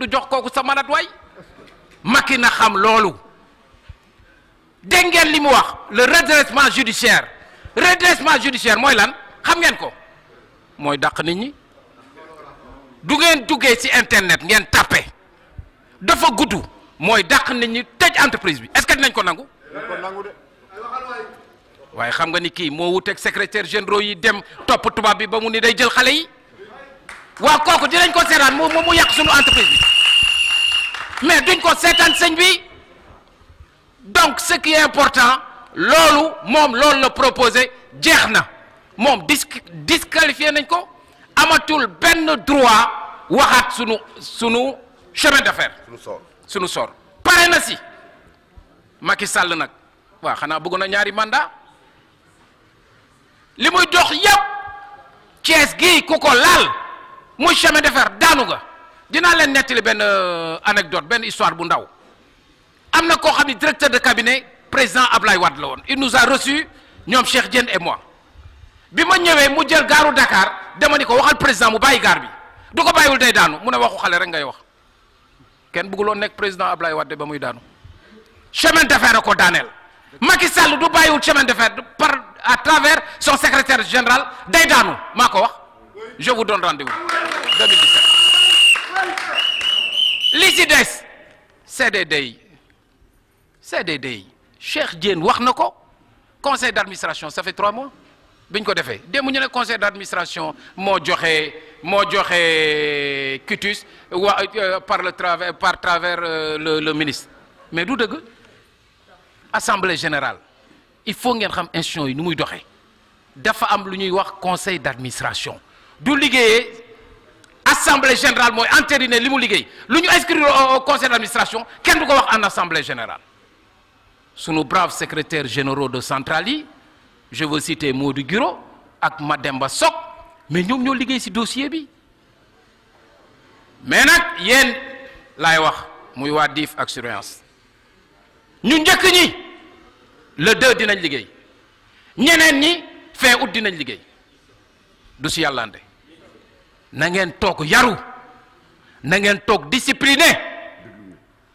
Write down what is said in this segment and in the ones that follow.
du jox kooku sa manat waay Macky na xam loolu dégg ngeen li mu wax le redressement judiciaire redressement judiciaire mooy lan xam ngeen ko mooy daq nit ñi du ngeen duggee si internet ngeen tàppe dafa gudd mooy daq nit ñi tëj entreprise bi est-ce que ko nangu waaye xam nga ni kii moo wuteeg secrétaire généraux yi dem topp tubaab bi ba mu ni day jël xale yi waaw kooku dinañ ko seetaan mu mu yàq suñu entreprise bi mais duñ ko seetaan sëñ bi donc ce qui est important loolu moom loolu la proposé jeex na moom dis nañ ko amatul benn droit waxaat sunu sunu chemin d'affaires. sunu sor sunu sor pare na si Macky Sall nag waa xanaa bëgg na ñaari mandat li muy dox yépp Thiès gii ku ko laal. muy chemin de fer daanu nga dinaa leen nettali benn euh, anecdote benn histoire bu ndaw am na koo xam ne directeur de cabinet président Ablaye Wade la woon il nous a reçu ñoom Cheikh Diène et moi bi ma ñëwee mu jël gaaru Dakar dama ni ko waxal président mu bàyyi gaar bi du ko bàyyiwul day daanu mu ne waxu xale rek ngay wax kenn bëgguloon nekk président Ablaye Wade ba muy daanu chemin de fer a ko daaneel Macky Sall du bàyyiwul chemin de fer par à travers son secrétaire général day daanu maa ko wax je vous 2017 li ci des CDD yi CDD Cheikh Diène wax na ko conseil d'administration ça fait trois mois biñ ko defee démb ñu ne conseil d'administration moo joxe moo joxe cutus wa euh, par le travers par travers euh, le le ministre mais du dëgg assemblée générale il faut ngeen xam institution yi nu muy doxee dafa am lu ñuy wax conseil d'administration du liggéeyee. assemblée générale mooy entériner li mu liggéey lu ñu inscrire au conseil d'administration kenn du ko wax en assemblée générale sunu braves secrétaires généraux de centrale yi je veux citer Modou Guiro ak Mademba Sock mais ñoom ñoo liggéey si dossier bi mais nag yéen lay wax muy waa DIF ak surveillance ñu njëkk ñi le deux dinañ liggéey ñeneen ñi fin août dinañ liggéey du ci yàllaande na ngeen toog yaru na ngeen toog discipliné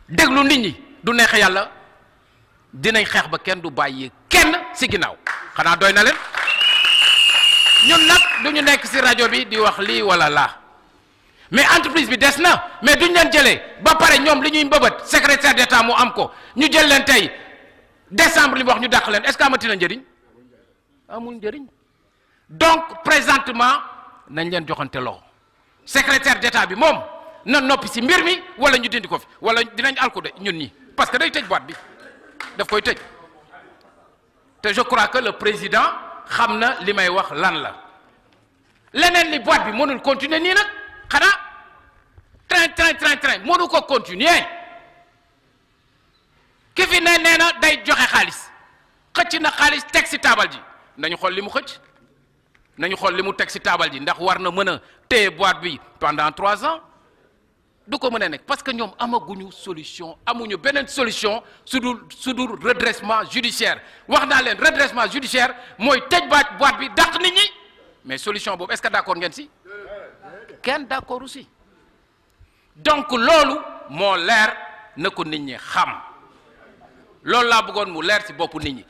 déglu nit ñi du neex yàlla dinañ xeex ba kenn du bàyyi kenn si ginnaaw xanaa doy na leen ñun nag du ñu nekk si rajo bi di wax lii wala laa mais entreprise bi des na mais duñ leen jëlee ba pare ñoom li ñuy mbëbët secrétaire d'État mu am ko ñu jël leen tey décembre li mu wax ñu dàq leen est-ce que amati na njariñ amul njëriñ donc présentement. nañ leen joxante loxo secrétaire d'état bi moom na noppi si mbir mi wala ñu dindi ko fi wala dinañ alku ñun ñi parce que day tëj boîte bi daf koy tëj te je crois que le président xam na li may wax lan la leneen li boîte bi mënul continuer nii nag xanaa train train train train mënu ko continuer ki fi ne nee na day joxe xaalis xëcc na xaalis teg si taabal ji nañu xool li mu xëcc. nañu xool li mu teg si taabal ji ndax war na mën a téye boîte bi pendant trois ans du ko mën a nekk parce que ñoom amaguñu solution amuñu beneen solution su du su dul redressement judiciaire wax naa leen redressement judiciaire mooy tej baaj boîte bi dàq nit ñi mais solution boobu est-ce que d'accord ngeen ci kenn d'accord aussi donc loolu moo leer na ko nit ñi xam loolu laa bëggoon mu leer ci boppu nit ñi